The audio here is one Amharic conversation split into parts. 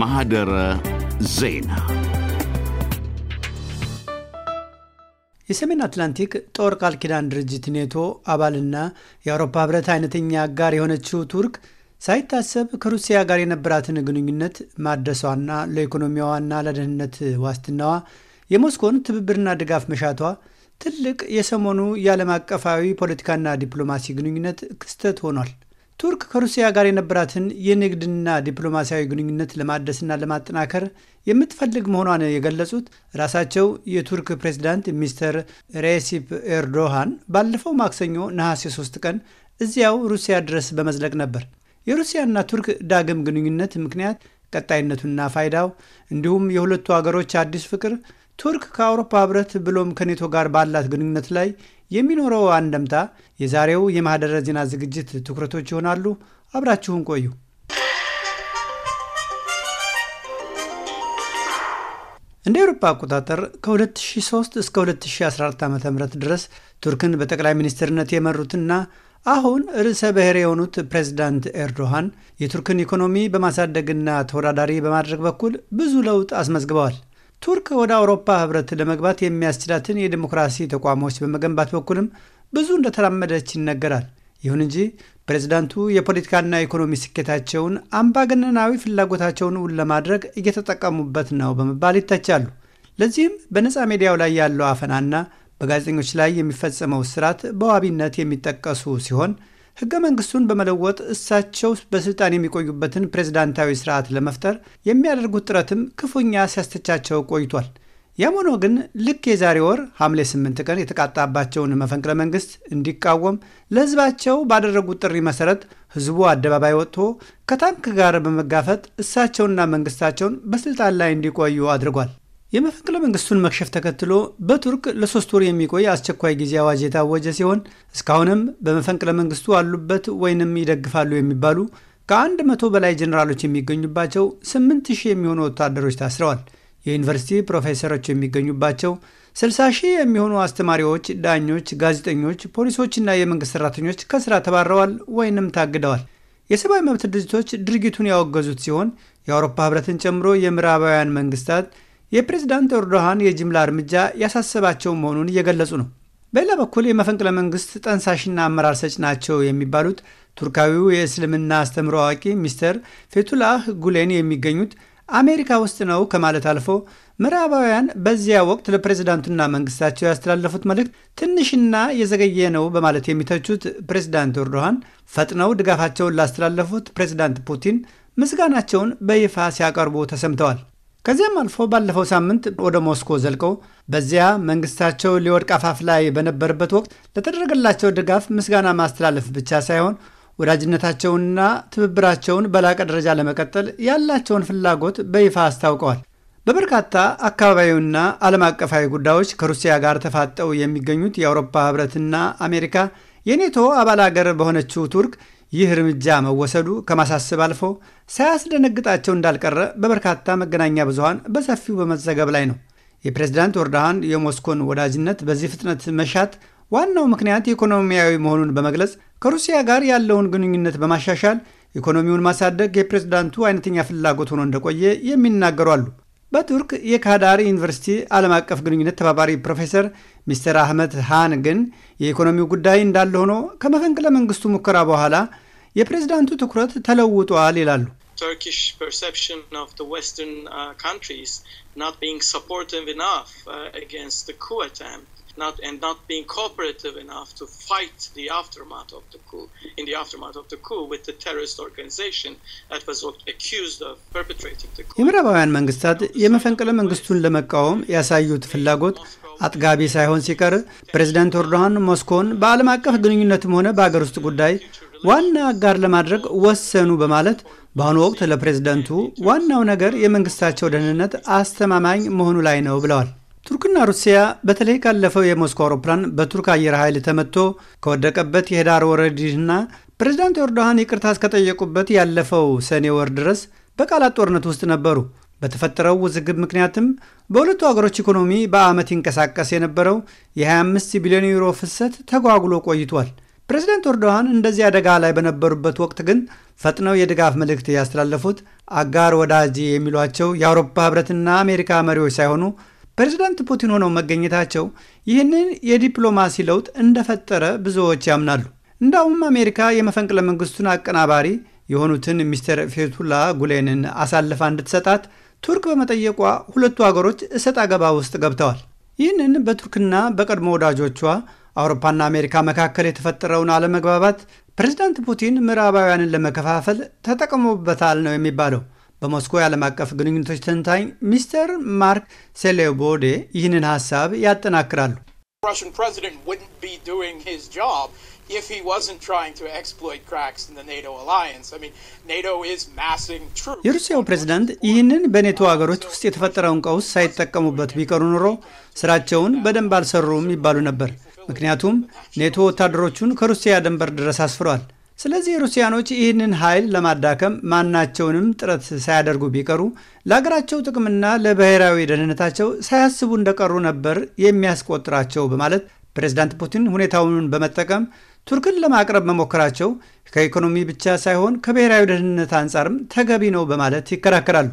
ማህደረ ዜና የሰሜን አትላንቲክ ጦር ቃል ኪዳን ድርጅት ኔቶ አባልና የአውሮፓ ህብረት አይነተኛ አጋር የሆነችው ቱርክ ሳይታሰብ ከሩሲያ ጋር የነበራትን ግንኙነት ማደሷና ለኢኮኖሚዋና ለደህንነት ዋስትናዋ የሞስኮን ትብብርና ድጋፍ መሻቷ ትልቅ የሰሞኑ የዓለም አቀፋዊ ፖለቲካና ዲፕሎማሲ ግንኙነት ክስተት ሆኗል። ቱርክ ከሩሲያ ጋር የነበራትን የንግድና ዲፕሎማሲያዊ ግንኙነት ለማደስና ለማጠናከር የምትፈልግ መሆኗን የገለጹት ራሳቸው የቱርክ ፕሬዚዳንት ሚስተር ሬሲፕ ኤርዶሃን ባለፈው ማክሰኞ ነሐሴ 3 ቀን እዚያው ሩሲያ ድረስ በመዝለቅ ነበር። የሩሲያና ቱርክ ዳግም ግንኙነት ምክንያት ቀጣይነቱና ፋይዳው እንዲሁም የሁለቱ አገሮች አዲስ ፍቅር ቱርክ ከአውሮፓ ህብረት ብሎም ከኔቶ ጋር ባላት ግንኙነት ላይ የሚኖረው አንደምታ የዛሬው የማህደረ ዜና ዝግጅት ትኩረቶች ይሆናሉ። አብራችሁን ቆዩ። እንደ አውሮፓ አቆጣጠር ከ2003 እስከ 2014 ዓ ም ድረስ ቱርክን በጠቅላይ ሚኒስትርነት የመሩትና አሁን ርዕሰ ብሔር የሆኑት ፕሬዚዳንት ኤርዶሃን የቱርክን ኢኮኖሚ በማሳደግና ተወዳዳሪ በማድረግ በኩል ብዙ ለውጥ አስመዝግበዋል። ቱርክ ወደ አውሮፓ ህብረት ለመግባት የሚያስችላትን የዲሞክራሲ ተቋሞች በመገንባት በኩልም ብዙ እንደተራመደች ይነገራል። ይሁን እንጂ ፕሬዝዳንቱ የፖለቲካና ኢኮኖሚ ስኬታቸውን አምባገነናዊ ፍላጎታቸውን እውን ለማድረግ እየተጠቀሙበት ነው በመባል ይተቻሉ። ለዚህም በነፃ ሜዲያው ላይ ያለው አፈናና በጋዜጠኞች ላይ የሚፈጸመው ስርዓት በዋቢነት የሚጠቀሱ ሲሆን ህገ መንግስቱን በመለወጥ እሳቸው በስልጣን የሚቆዩበትን ፕሬዝዳንታዊ ስርዓት ለመፍጠር የሚያደርጉት ጥረትም ክፉኛ ሲያስተቻቸው ቆይቷል። ያም ሆኖ ግን ልክ የዛሬ ወር ሐምሌ 8 ቀን የተቃጣባቸውን መፈንቅለ መንግስት እንዲቃወም ለህዝባቸው ባደረጉት ጥሪ መሰረት ህዝቡ አደባባይ ወጥቶ ከታንክ ጋር በመጋፈጥ እሳቸውንና መንግስታቸውን በስልጣን ላይ እንዲቆዩ አድርጓል። የመፈንቅለ መንግስቱን መክሸፍ ተከትሎ በቱርክ ለሶስት ወር የሚቆይ አስቸኳይ ጊዜ አዋጅ የታወጀ ሲሆን እስካሁንም በመፈንቅለ መንግስቱ አሉበት ወይንም ይደግፋሉ የሚባሉ ከአንድ መቶ በላይ ጀኔራሎች የሚገኙባቸው ስምንት ሺህ የሚሆኑ ወታደሮች ታስረዋል። የዩኒቨርሲቲ ፕሮፌሰሮች የሚገኙባቸው ስልሳ ሺህ የሚሆኑ አስተማሪዎች፣ ዳኞች፣ ጋዜጠኞች፣ ፖሊሶችና የመንግስት ሰራተኞች ከስራ ተባረዋል ወይንም ታግደዋል። የሰብአዊ መብት ድርጅቶች ድርጊቱን ያወገዙት ሲሆን የአውሮፓ ህብረትን ጨምሮ የምዕራባውያን መንግስታት የፕሬዝዳንት ኤርዶሃን የጅምላ እርምጃ ያሳሰባቸው መሆኑን እየገለጹ ነው። በሌላ በኩል የመፈንቅለ መንግስት ጠንሳሽና አመራር ሰጭ ናቸው የሚባሉት ቱርካዊው የእስልምና አስተምሮ አዋቂ ሚስተር ፌቱላህ ጉሌን የሚገኙት አሜሪካ ውስጥ ነው ከማለት አልፎ ምዕራባውያን በዚያ ወቅት ለፕሬዝዳንቱና መንግስታቸው ያስተላለፉት መልእክት ትንሽና የዘገየ ነው በማለት የሚተቹት ፕሬዝዳንት ኤርዶሃን ፈጥነው ድጋፋቸውን ላስተላለፉት ፕሬዝዳንት ፑቲን ምስጋናቸውን በይፋ ሲያቀርቡ ተሰምተዋል። ከዚያም አልፎ ባለፈው ሳምንት ወደ ሞስኮ ዘልቀው በዚያ መንግስታቸው ሊወድቅ አፋፍ ላይ በነበረበት ወቅት ለተደረገላቸው ድጋፍ ምስጋና ማስተላለፍ ብቻ ሳይሆን ወዳጅነታቸውንና ትብብራቸውን በላቀ ደረጃ ለመቀጠል ያላቸውን ፍላጎት በይፋ አስታውቀዋል። በበርካታ አካባቢያዊና ዓለም አቀፋዊ ጉዳዮች ከሩሲያ ጋር ተፋጠው የሚገኙት የአውሮፓ ህብረትና አሜሪካ የኔቶ አባል አገር በሆነችው ቱርክ ይህ እርምጃ መወሰዱ ከማሳሰብ አልፎ ሳያስደነግጣቸው እንዳልቀረ በበርካታ መገናኛ ብዙሀን በሰፊው በመዘገብ ላይ ነው። የፕሬዚዳንት ወርዳሃን የሞስኮን ወዳጅነት በዚህ ፍጥነት መሻት ዋናው ምክንያት ኢኮኖሚያዊ መሆኑን በመግለጽ ከሩሲያ ጋር ያለውን ግንኙነት በማሻሻል ኢኮኖሚውን ማሳደግ የፕሬዝዳንቱ አይነተኛ ፍላጎት ሆኖ እንደቆየ የሚናገሩ አሉ። በቱርክ የካዳር ዩኒቨርሲቲ ዓለም አቀፍ ግንኙነት ተባባሪ ፕሮፌሰር ሚስተር አህመድ ሃን ግን የኢኮኖሚው ጉዳይ እንዳለ ሆኖ ከመፈንቅለ መንግስቱ ሙከራ በኋላ የፕሬዝዳንቱ ትኩረት ተለውጧል ይላሉ። የምዕራባውያን መንግስታት የመፈንቅለ መንግስቱን ለመቃወም ያሳዩት ፍላጎት አጥጋቢ ሳይሆን ሲቀር ፕሬዚዳንት ኤርዶሃን ሞስኮን በዓለም አቀፍ ግንኙነትም ሆነ በአገር ውስጥ ጉዳይ ዋና አጋር ለማድረግ ወሰኑ በማለት በአሁኑ ወቅት ለፕሬዝደንቱ ዋናው ነገር የመንግስታቸው ደህንነት አስተማማኝ መሆኑ ላይ ነው ብለዋል። ቱርክና ሩሲያ በተለይ ካለፈው የሞስኮ አውሮፕላን በቱርክ አየር ኃይል ተመትቶ ከወደቀበት የህዳር ወረድና ፕሬዚዳንት ኤርዶሃን ይቅርታ እስከጠየቁበት ያለፈው ሰኔ ወር ድረስ በቃላት ጦርነት ውስጥ ነበሩ። በተፈጠረው ውዝግብ ምክንያትም በሁለቱ አገሮች ኢኮኖሚ በዓመት ይንቀሳቀስ የነበረው የ25 ቢሊዮን ዩሮ ፍሰት ተጓጉሎ ቆይቷል። ፕሬዚደንት ኤርዶዋን እንደዚህ አደጋ ላይ በነበሩበት ወቅት ግን ፈጥነው የድጋፍ መልእክት ያስተላለፉት አጋር ወዳጅ የሚሏቸው የአውሮፓ ህብረትና አሜሪካ መሪዎች ሳይሆኑ ፕሬዚደንት ፑቲን ሆነው መገኘታቸው ይህንን የዲፕሎማሲ ለውጥ እንደፈጠረ ብዙዎች ያምናሉ። እንዳውም አሜሪካ የመፈንቅለ መንግስቱን አቀናባሪ የሆኑትን ሚስተር ፌቱላ ጉሌንን አሳልፋ እንድትሰጣት ቱርክ በመጠየቋ ሁለቱ ሀገሮች እሰጥ አገባ ውስጥ ገብተዋል። ይህንን በቱርክና በቀድሞ ወዳጆቿ አውሮፓና አሜሪካ መካከል የተፈጠረውን አለመግባባት ፕሬዚዳንት ፑቲን ምዕራባውያንን ለመከፋፈል ተጠቅሞበታል ነው የሚባለው። በሞስኮ የዓለም አቀፍ ግንኙነቶች ተንታኝ ሚስተር ማርክ ሴሌቦዴ ይህንን ሀሳብ ያጠናክራሉ። Russian president wouldn't be doing his job if he wasn't trying to exploit cracks in the NATO alliance. I mean, NATO is massing troops. የሩሲያው ፕሬዝዳንት ይህንን በኔቶ ሀገሮች ውስጥ የተፈጠረውን ቀውስ ሳይጠቀሙበት ቢቀሩ ኑሮ ስራቸውን በደንብ አልሰሩም ይባሉ ነበር። ምክንያቱም ኔቶ ወታደሮቹን ከሩሲያ ድንበር ድረስ አስፍሯል። ስለዚህ ሩሲያኖች ይህንን ኃይል ለማዳከም ማናቸውንም ጥረት ሳያደርጉ ቢቀሩ ለሀገራቸው ጥቅምና ለብሔራዊ ደህንነታቸው ሳያስቡ እንደቀሩ ነበር የሚያስቆጥራቸው በማለት ፕሬዝዳንት ፑቲን ሁኔታውን በመጠቀም ቱርክን ለማቅረብ መሞከራቸው ከኢኮኖሚ ብቻ ሳይሆን ከብሔራዊ ደህንነት አንጻርም ተገቢ ነው በማለት ይከራከራሉ።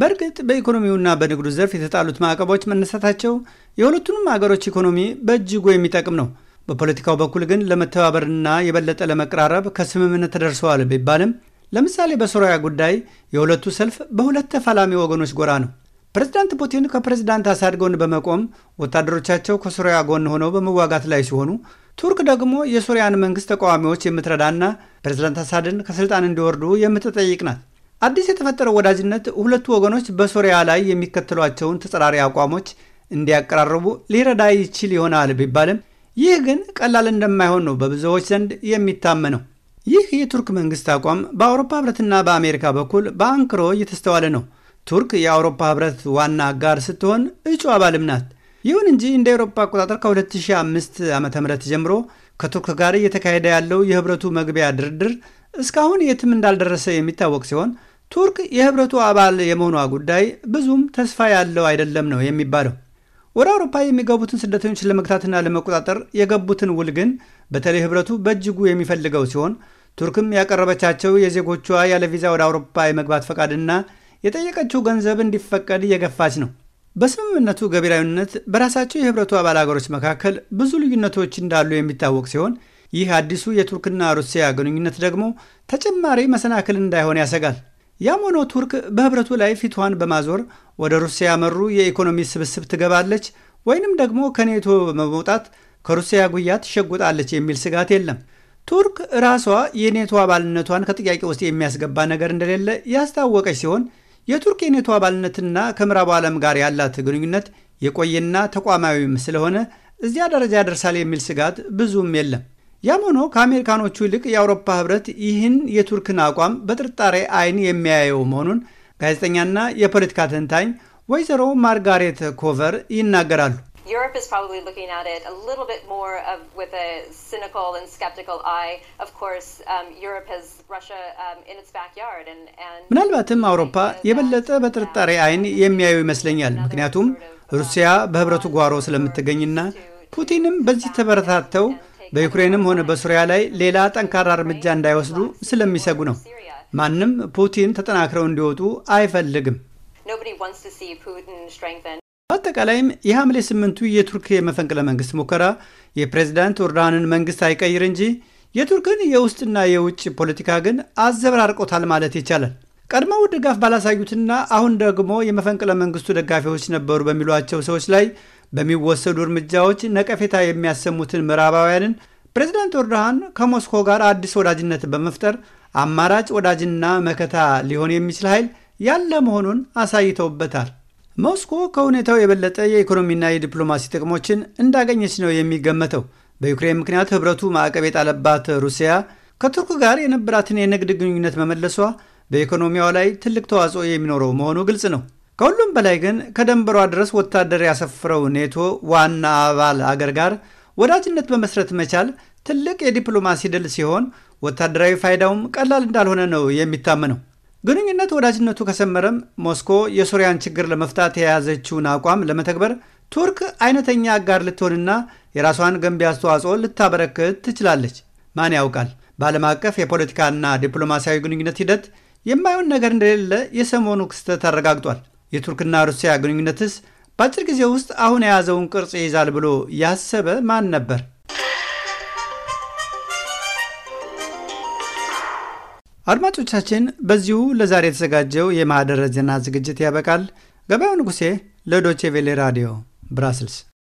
በእርግጥ በኢኮኖሚውና በንግዱ ዘርፍ የተጣሉት ማዕቀቦች መነሳታቸው የሁለቱንም አገሮች ኢኮኖሚ በእጅጉ የሚጠቅም ነው። በፖለቲካው በኩል ግን ለመተባበርና የበለጠ ለመቀራረብ ከስምምነት ተደርሰዋል ቢባልም ለምሳሌ በሶሪያ ጉዳይ የሁለቱ ሰልፍ በሁለት ተፋላሚ ወገኖች ጎራ ነው። ፕሬዝዳንት ፑቲን ከፕሬዝዳንት አሳድ ጎን በመቆም ወታደሮቻቸው ከሶሪያ ጎን ሆነው በመዋጋት ላይ ሲሆኑ፣ ቱርክ ደግሞ የሶሪያን መንግስት ተቃዋሚዎች የምትረዳና ፕሬዝዳንት አሳድን ከስልጣን እንዲወርዱ የምትጠይቅ ናት። አዲስ የተፈጠረው ወዳጅነት ሁለቱ ወገኖች በሶሪያ ላይ የሚከተሏቸውን ተጸራሪ አቋሞች እንዲያቀራርቡ ሊረዳ ይችል ይሆናል ቢባልም ይህ ግን ቀላል እንደማይሆን ነው በብዙዎች ዘንድ የሚታመነው። ይህ የቱርክ መንግስት አቋም በአውሮፓ ህብረትና በአሜሪካ በኩል በአንክሮ እየተስተዋለ ነው። ቱርክ የአውሮፓ ህብረት ዋና አጋር ስትሆን እጩ አባልም ናት። ይሁን እንጂ እንደ አውሮፓ አቆጣጠር ከ2005 ዓ.ም ጀምሮ ከቱርክ ጋር እየተካሄደ ያለው የህብረቱ መግቢያ ድርድር እስካሁን የትም እንዳልደረሰ የሚታወቅ ሲሆን ቱርክ የህብረቱ አባል የመሆኗ ጉዳይ ብዙም ተስፋ ያለው አይደለም ነው የሚባለው። ወደ አውሮፓ የሚገቡትን ስደተኞች ለመግታትና ለመቆጣጠር የገቡትን ውል ግን በተለይ ህብረቱ በእጅጉ የሚፈልገው ሲሆን ቱርክም ያቀረበቻቸው የዜጎቿ ያለ ቪዛ ወደ አውሮፓ የመግባት ፈቃድና የጠየቀችው ገንዘብ እንዲፈቀድ እየገፋች ነው። በስምምነቱ ገቢራዊነት በራሳቸው የህብረቱ አባል አገሮች መካከል ብዙ ልዩነቶች እንዳሉ የሚታወቅ ሲሆን ይህ አዲሱ የቱርክና ሩሲያ ግንኙነት ደግሞ ተጨማሪ መሰናክል እንዳይሆን ያሰጋል። ያም ሆኖ ቱርክ በህብረቱ ላይ ፊቷን በማዞር ወደ ሩሲያ መሩ የኢኮኖሚ ስብስብ ትገባለች ወይንም ደግሞ ከኔቶ በመውጣት ከሩሲያ ጉያ ትሸጉጣለች የሚል ስጋት የለም። ቱርክ ራሷ የኔቶ አባልነቷን ከጥያቄ ውስጥ የሚያስገባ ነገር እንደሌለ ያስታወቀች ሲሆን የቱርክ የኔቶ አባልነትና ከምዕራቡ ዓለም ጋር ያላት ግንኙነት የቆየና ተቋማዊም ስለሆነ እዚያ ደረጃ ደርሳል የሚል ስጋት ብዙም የለም። ያም ሆኖ ከአሜሪካኖቹ ይልቅ የአውሮፓ ህብረት ይህን የቱርክን አቋም በጥርጣሬ አይን የሚያየው መሆኑን ጋዜጠኛና የፖለቲካ ተንታኝ ወይዘሮ ማርጋሬት ኮቨር ይናገራሉ። um, um, ምናልባትም አውሮፓ የበለጠ በጥርጣሬ አይን የሚያዩ ይመስለኛል። ምክንያቱም um, ሩሲያ በህብረቱ ጓሮ ስለምትገኝና ፑቲንም በዚህ ተበረታተው በዩክሬንም ሆነ በሱሪያ ላይ ሌላ ጠንካራ እርምጃ እንዳይወስዱ ስለሚሰጉ ነው። ማንም ፑቲን ተጠናክረው እንዲወጡ አይፈልግም። በአጠቃላይም የሐምሌ ስምንቱ የቱርክ የመፈንቅለ መንግስት ሙከራ የፕሬዚዳንት ኦርዳንን መንግስት አይቀይር እንጂ የቱርክን የውስጥና የውጭ ፖለቲካ ግን አዘበራርቆታል ማለት ይቻላል። ቀድመው ድጋፍ ባላሳዩትና አሁን ደግሞ የመፈንቅለ መንግስቱ ደጋፊዎች ነበሩ በሚሏቸው ሰዎች ላይ በሚወሰዱ እርምጃዎች ነቀፌታ የሚያሰሙትን ምዕራባውያንን ፕሬዚዳንት ኤርዶሃን ከሞስኮ ጋር አዲስ ወዳጅነት በመፍጠር አማራጭ ወዳጅና መከታ ሊሆን የሚችል ኃይል ያለ መሆኑን አሳይተውበታል። ሞስኮ ከሁኔታው የበለጠ የኢኮኖሚና የዲፕሎማሲ ጥቅሞችን እንዳገኘች ነው የሚገመተው። በዩክሬን ምክንያት ህብረቱ ማዕቀብ የጣለባት ሩሲያ ከቱርክ ጋር የነበራትን የንግድ ግንኙነት መመለሷ በኢኮኖሚዋ ላይ ትልቅ ተዋጽኦ የሚኖረው መሆኑ ግልጽ ነው። ከሁሉም በላይ ግን ከደንበሯ ድረስ ወታደር ያሰፍረው ኔቶ ዋና አባል አገር ጋር ወዳጅነት በመስረት መቻል ትልቅ የዲፕሎማሲ ድል ሲሆን ወታደራዊ ፋይዳውም ቀላል እንዳልሆነ ነው የሚታመነው። ግንኙነት ወዳጅነቱ ከሰመረም ሞስኮ የሱሪያን ችግር ለመፍታት የያዘችውን አቋም ለመተግበር ቱርክ አይነተኛ አጋር ልትሆንና የራሷን ገንቢ አስተዋጽኦ ልታበረክት ትችላለች። ማን ያውቃል? በዓለም አቀፍ የፖለቲካና ዲፕሎማሲያዊ ግንኙነት ሂደት የማይሆን ነገር እንደሌለ የሰሞኑ ክስተት አረጋግጧል። የቱርክና ሩሲያ ግንኙነትስ በአጭር ጊዜ ውስጥ አሁን የያዘውን ቅርጽ ይይዛል ብሎ ያሰበ ማን ነበር? አድማጮቻችን፣ በዚሁ ለዛሬ የተዘጋጀው የማኅደረ ዜና ዝግጅት ያበቃል። ገበያው ንጉሴ ለዶቼ ቬሌ ራዲዮ ብራስልስ